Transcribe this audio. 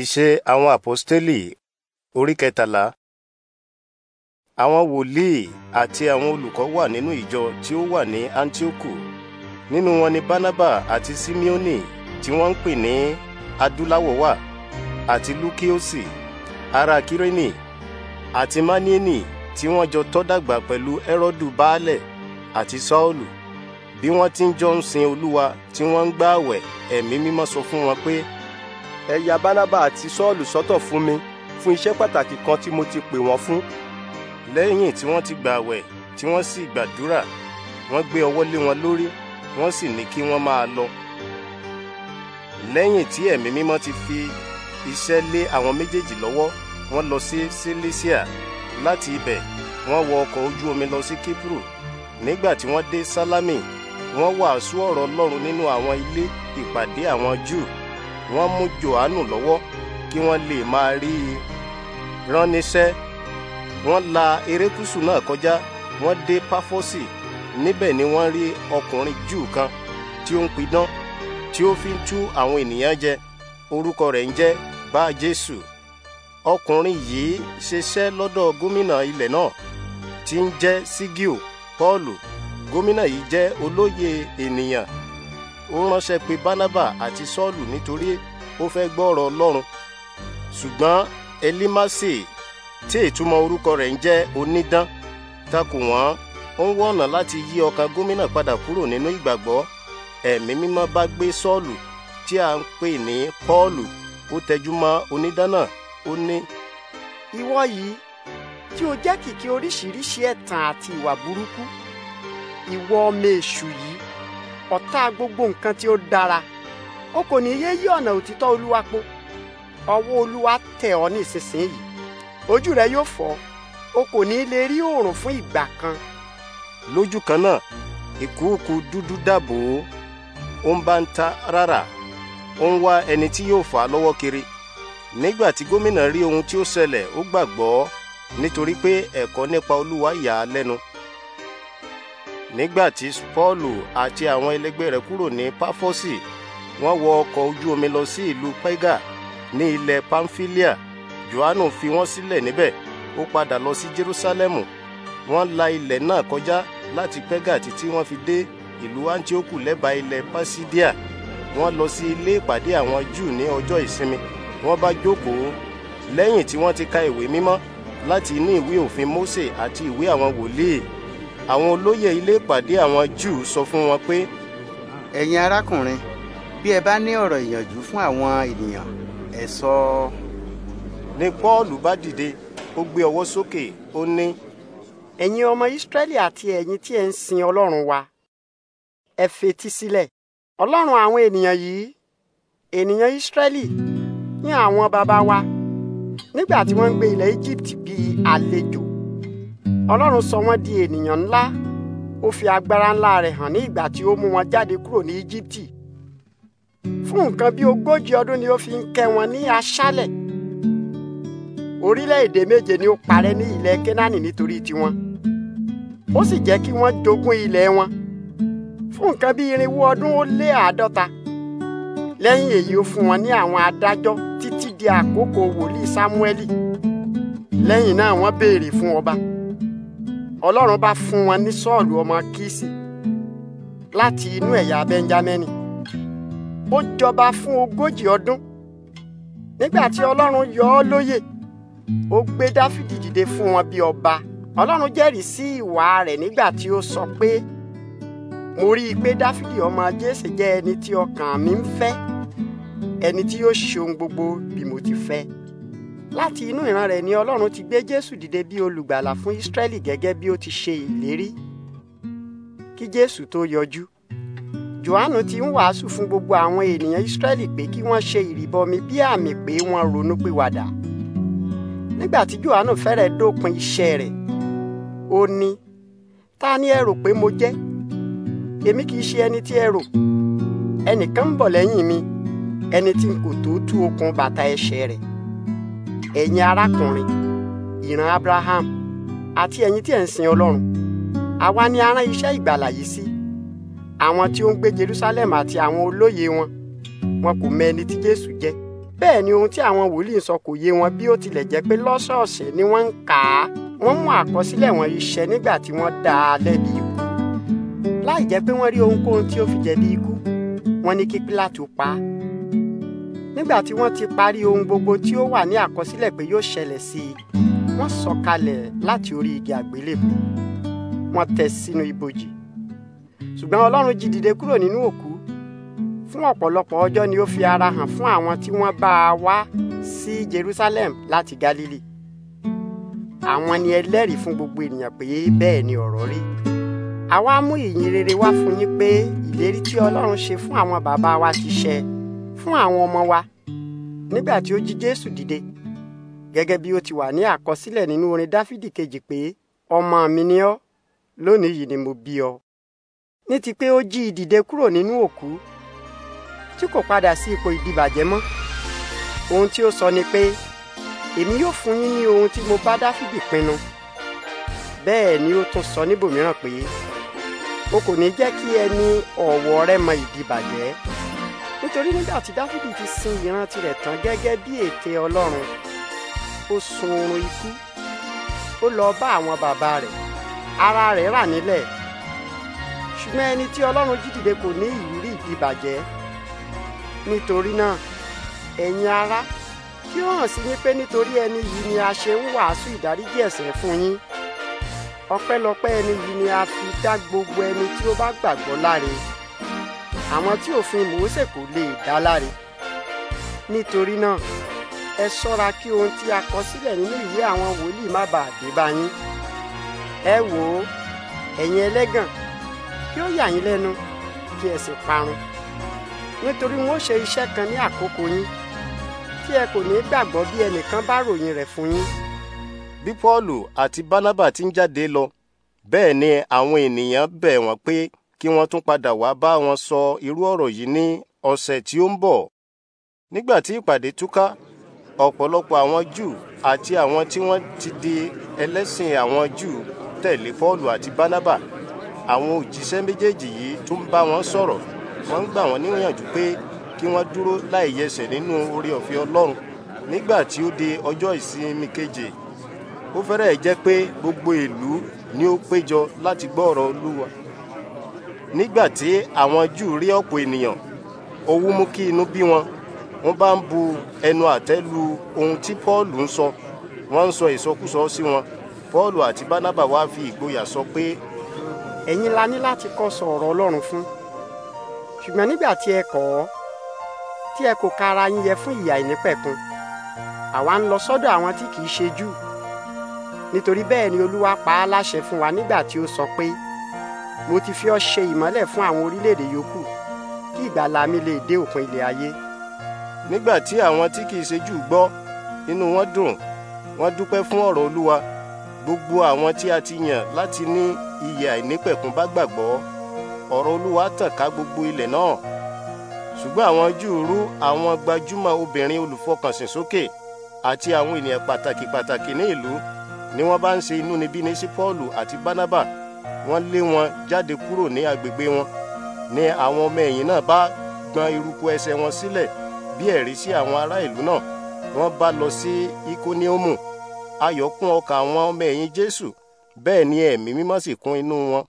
Ìṣe àwọn àpọ́stélì orí kẹtàlá. Àwọn wòlíì àti àwọn olùkọ́ wà nínú ìjọ tí ó wà ní Antioku. Nínú wọn ni Bánábà àti Simeoni tí wọ́n ń pè ní Adúláwọ̀ wà àti Lukiosi ará Kireni àti Manieni tí wọ́n jọ tọ́ dàgbà pẹ̀lú Ẹ́rọ́dù Baálẹ̀ àti Sọ́ọ̀lù. Bí wọ́n ti ń jọ ń sin Olúwa tí wọ́n ń gbààwẹ̀, ẹ̀mí mímọ́ sọ fún wọn pé ẹ ya bánábà àti sọ́ọ̀lù sọ́tọ̀ fún mi fún iṣẹ́ pàtàkì kan tí mo ti pè wọ́n fún. lẹ́yìn tí wọ́n ti gbààwẹ̀ tí wọ́n sì gbàdúrà wọ́n gbé ọwọ́ lé wọn lórí wọ́n sì ní kí wọ́n máa lọ. lẹ́yìn tí ẹ̀mí mímọ́ ti fi iṣẹ́ lé àwọn méjèèjì lọ́wọ́ wọ́n lọ sí Silisia láti ibẹ̀ wọ́n wọ ọkọ̀ ojú omi lọ sí Kipru nígbà tí wọ́n dé Sálámì wọ́n wàásù ọ̀rọ̀ Ọlọ́run nínú àwọn ilé ìpàdé àwọn Júù wọ́n mú Jòhánù lọ́wọ́ kí wọ́n lè máa rí i rán níṣẹ́ wọ́n la erékùṣù náà kọjá wọ́n dé Páfọ́sì níbẹ̀ ni wọ́n rí ọkùnrin Júù kan tí ó ń pidán tí ó fi ń tú àwọn ènìyàn jẹ orúkọ rẹ̀ ń jẹ́ Bá Jésù ọkùnrin yìí ṣiṣẹ́ lọ́dọ̀ gómìnà ilẹ̀ náà tí ń jẹ́ Sígíò Pọ́ọ̀lù gómìnà yìí jẹ́ olóyè ènìyàn ó ránṣẹ́ pé barnaba àti sọ́ọ̀lù nítorí ó fẹ́ gbọ́ ọ̀rọ̀ ọlọ́run ṣùgbọ́n elimase tí ìtumọ̀ orúkọ rẹ̀ ń jẹ́ onídán takò wọ́n ó ń wá ọ̀nà láti yí ọkàn gómìnà padà kúrò nínú ìgbàgbọ́ ẹ̀mí mímọ́ bá gbé sọ́ọ̀lù tí a ń pè ní pọ́ọ̀lù ó tẹjú onídán náà ó ní. ìwọ yìí tí o jẹ́ kìkì oríṣiríṣi ẹ̀tàn àti ìwà burúkú ìwọ ọmọ èṣù yìí ọ̀tá gbogbo nǹkan tí ó dára o kò ní yé yí ọ̀nà òtítọ́ olúwa po ọwọ́ olúwa tẹ̀ ọ́ ní ìsinsìnyí ojú rẹ yóò fọ́ o kò ní lè rí oòrùn fún ìgbà kan. lójú kan náà ìkúùkù dúdú dàbò ó ń bá ń ta rárá ó ń wá ẹni tí yóò fà á lọ́wọ́ kiri nígbà tí gómìnà rí ohun tí ó ṣẹlẹ̀ ó gbàgbọ́ nítorí pé ẹ̀kọ́ nípa olúwa yà á lẹ́nu. nígbà tí Pọ́ọ̀lù àti àwọn ẹlẹgbẹ́ rẹ̀ kúrò ní Páfọ́sì wọ́n wọ ọkọ̀ ojú omi lọ sí ìlú Pẹ́gà ní ilẹ̀ Pamfilia Jòhánù fi wọ́n sílẹ̀ níbẹ̀ ó padà lọ sí Jerúsálẹ́mù wọ́n la ilẹ̀ náà kọjá láti Pẹ́gà títí wọ́n fi dé ìlú Antioku lẹ́bàá ilẹ̀ Pisidia wọ́n lọ sí ilé ìpàdé àwọn Júù ní ọjọ́ ìsinmi wọ́n bá jókòó lẹ́yìn tí wọ́n ti ka ìwé mímọ́ láti inú ìwé òfin Mósè àti ìwé àwọn wòlíì àwọn olóyè ilé ìpàdé àwọn Júù sọ fún wọn pé. ẹ̀yin arákùnrin bí ẹ bá ní ọ̀rọ̀ ìyànjú fún àwọn ènìyàn ẹ sọ ọ́. ni Pọ́ọ̀lù bá dìde ó gbé ọwọ́ sókè ó ní. ẹ̀yin ọmọ Ísírẹ́lì àti ẹ̀yin tí ẹ ń sin Ọlọ́run wa ẹ fetí sílẹ̀ Ọlọ́run àwọn ènìyàn yìí ènìyàn Ísírẹ́lì ní àwọn baba wa nígbà tí wọ́n ń gbé ilẹ̀ Egypt bíi àlejò ọlọ́run sọ wọ́n di ènìyàn ńlá ó fi agbára ńlá rẹ̀ hàn ní ìgbà tí ó mú wọn jáde kúrò ní íjíbítì fún nǹkan bí ogójì ọdún ni ó fi ń kẹ́ wọn ní aṣálẹ̀ orílẹ̀-èdè méje ni ó parẹ́ ní ilẹ̀ Kénáánì nítorí tiwọn ó sì jẹ́ kí wọ́n jogún ilẹ̀ wọn fún nǹkan bí irinwó ọdún ó lé àádọ́ta lẹ́yìn èyí ó fún wọn ní àwọn adájọ́ títí di àkókò wòlíì Sámúẹ́lì lẹ́yìn náà wọ́n béèrè fún ọba ọlọ́run bá fún wọn ní sọ́ọ̀lù ọmọ kíìsì láti inú ẹ̀yà benjamini ó jọba fún ogójì ọdún nígbà tí ọlọ́run yọ ọ́ lóyè ó gbé dáfídì dìde fún wọn bí ọba ọlọ́run jẹ́rìí sí ìwà rẹ̀ nígbà tí ó sọ pé mo rí i pé dáfídì ọmọ jésè jẹ́ ẹni tí ọkàn mi ń fẹ́ ẹni tí yóò ṣe ohun gbogbo bí mo ti fẹ́ láti inú ìran rẹ̀ ni ọlọ́run ti gbé jésù dìde bí olùgbàlà fún ísírẹ́lì gẹ́gẹ́ bí ó ti ṣe ìlérí kí jésù tó yọjú jòhánù ti ń wàásù fún gbogbo àwọn ènìyàn ísírẹ́lì pé kí wọ́n ṣe ìrìbọmi bí àmì pé wọ́n ronú pìwàdà nígbà tí jòhánù fẹ́rẹ̀ dópin iṣẹ́ rẹ̀ ó ní ta ni ẹ rò pé mo jẹ́ èmi kì í ṣe ẹni tí ẹ rò ẹnìkan ń bọ̀ lẹ́yìn mi ẹni tí n kò tó tú okùn bàtà ẹsẹ̀ rẹ̀ ẹ̀yin arákùnrin ìran abraham àti ẹ̀yin tí ẹ̀ ń sin ọlọ́run àwa ni a rán iṣẹ́ ìgbàlà yìí sí àwọn tí ó ń gbé jerusalem àti àwọn olóye wọn wọn kò mọ tí jésù jẹ́ bẹ́ẹ̀ ni ohun tí àwọn wòlíì sọ kò yé wọn bí ó tilẹ̀ jẹ́ pé lọ́sọ̀ọ̀sẹ̀ ni wọ́n ń kà á wọ́n mú àkọsílẹ̀ wọn iṣẹ́ nígbà tí wọ́n dá a lẹ́bi ikú láì jẹ́ pé wọ́n rí ohunkóhun tí ó fi jẹ̀bi ikú wọ́n ní kí pílátù pa á nígbà tí wọ́n ti parí ohun gbogbo tí ó wà ní àkọsílẹ̀ pé yóò ṣẹlẹ̀ sí i wọ́n sọ̀kalẹ̀ láti orí igi àgbélébù wọ́n tẹ̀ sínú ibojì ṣùgbọ́n ọlọ́run jí dìde kúrò nínú òkú fún ọ̀pọ̀lọpọ̀ ọjọ́ ni ó fi ara hàn fún àwọn tí wọ́n bá a wá sí Jerusalem láti Galili àwọn ni ẹlẹ́rìí fún gbogbo ènìyàn pé bẹ́ẹ̀ ni ọ̀rọ̀ rí àwa mú ìyìn rere wá fún yín pé ìlérí tí ọlọ́run ṣe fún àwọn bàbá wa ti ṣẹ fún àwọn ọmọ wa nígbà tí ó jí Jésù dìde gẹ́gẹ́ bí ó ti wà ní àkọsílẹ̀ nínú orin Dáfídì kejì pé ọmọ mi ni ọ́ lónìí yìí ni mo bí ọ ní ti pé ó jí i dìde kúrò nínú òkú tí kò padà sí ipò ìdìbàjẹ́ mọ́ ohun tí ó sọ ni pé èmi yóò fún yín ní ohun tí mo bá Dáfídì pinnu bẹ́ẹ̀ ni ó tún sọ níbòmíràn pé o kò ní jẹ́ kí ẹni ọ̀wọ̀ rẹ mọ ìdìbàjẹ́ nítorí nígbà tí dáfídì ti sin ìran tirẹ̀ tán gẹ́gẹ́ bí ète ọlọ́run ó sun oorun ikú ó lọ bá àwọn bàbá rẹ̀ ara rẹ̀ rà nílẹ̀ ṣùgbọ́n ẹni tí ọlọ́run jí dìde kò ní ìrírí ìdìbàjẹ́ nítorí náà ẹ̀yin ará kí ó hàn sí yín pé nítorí ẹni yìí ni a ṣe ń wàásù ìdáríjì ẹ̀ṣẹ̀ fún yín ọpẹ́lọpẹ́ ẹni yìí ni a fi dá gbogbo ẹni tí ó bá gbàgbọ́ láre àwọn tí òfin Mósè kò lè dá láre nítorí náà ẹ ṣọ́ra kí ohun tí a kọ sílẹ̀ nínú ìwé àwọn wòlíì má bàa dé bá yín ẹ wò ó ẹ̀yin ẹlẹ́gàn kí ó yà yín lẹ́nu kí ẹ sì parun nítorí wọn ó ṣe iṣẹ́ kan ní àkókò yín tí ẹ kò ní gbàgbọ́ bí ẹnìkan bá ròyìn rẹ̀ fún yín. bí Pọ́ọ̀lù àti Bánábà ti ń jáde lọ bẹ́ẹ̀ ni àwọn ènìyàn bẹ̀ wọ́n pé kí wọ́n tún padà wá bá wọn sọ irú ọ̀rọ̀ yìí ní ọ̀sẹ̀ tí ó ń bọ̀. nígbà tí ìpàdé túká ọ̀pọ̀lọpọ̀ àwọn Júù àti àwọn tí wọ́n ti di ẹlẹ́sìn àwọn Júù tẹ̀lé Pọ́ọ̀lù àti Bánábà àwọn òjíṣẹ́ méjèèjì yìí tún bá wọn sọ̀rọ̀ wọ́n ń gbà wọ́n níyànjú pé kí wọ́n dúró láì yẹsẹ̀ nínú oore ọ̀fẹ́ Ọlọ́run nígbà tí ó di ọjọ́ ìsinmi keje ó fẹ́rẹ̀ẹ́ jẹ́ pé gbogbo ìlú ni ó péjọ láti gbọ́ ọ̀rọ̀ Olúwa nígbà tí àwọn Júù rí ọ̀pọ̀ ènìyàn owú mú kí inú bí wọn wọ́n bá ń bu ẹnu àtẹ́ lu ohun tí Paul ń sọ wọ́n ń sọ ìsọkúsọ sí wọn Paul àti Barnaba wá fi ìgboyà sọ pé. ẹ̀yin la ní láti kọ́ sọ ọ̀rọ̀ Ọlọ́run fún ṣùgbọ́n nígbà tí ẹ kọ̀ ọ́ tí ẹ kò ka ara yín yẹ fún ìyà ìnípẹ̀kun àwa ń lọ sọ́dọ̀ àwọn tí kì í ṣe Júù nítorí bẹ́ẹ̀ ni Olúwa pa á láṣẹ fún wa nígbà tí ó sọ pé mo ti fi ọ́ ṣe ìmọ́lẹ̀ fún àwọn orílẹ̀-èdè yòókù kí ìgbàlà mi lè dé òpin ilẹ̀ ayé. nígbà tí àwọn tí kìí ṣe Júù gbọ́ inú wọn dùn wọ́n dúpẹ́ fún ọ̀rọ̀ Olúwa gbogbo àwọn tí a ti yàn láti ní ìyè àìnípẹ̀kun bá gbàgbọ́ ọ̀rọ̀ Olúwa tàn ká gbogbo ilẹ̀ náà ṣùgbọ́n àwọn Júù rú àwọn gbajúmọ̀ obìnrin olùfọkànsìn sókè àti àwọn ènìyàn pàtàkì pàtàkì ní ìlú ni wọ́n bá ń ṣe inúnibíni sí Pọ́ọ̀lù àti Bánábà wọ́n lé wọn jáde kúrò ní agbègbè wọn ni àwọn ọmọ ẹ̀yìn náà bá gbọn eruku ẹsẹ̀ wọn sílẹ̀ bí ẹ̀rí sí àwọn ará ìlú náà wọ́n bá lọ sí ikoniomu ayọ̀ kún ọkàn àwọn ọmọ ẹ̀yìn jésù bẹ́ẹ̀ ni ẹ̀mí mímọ́ sì kún inú wọn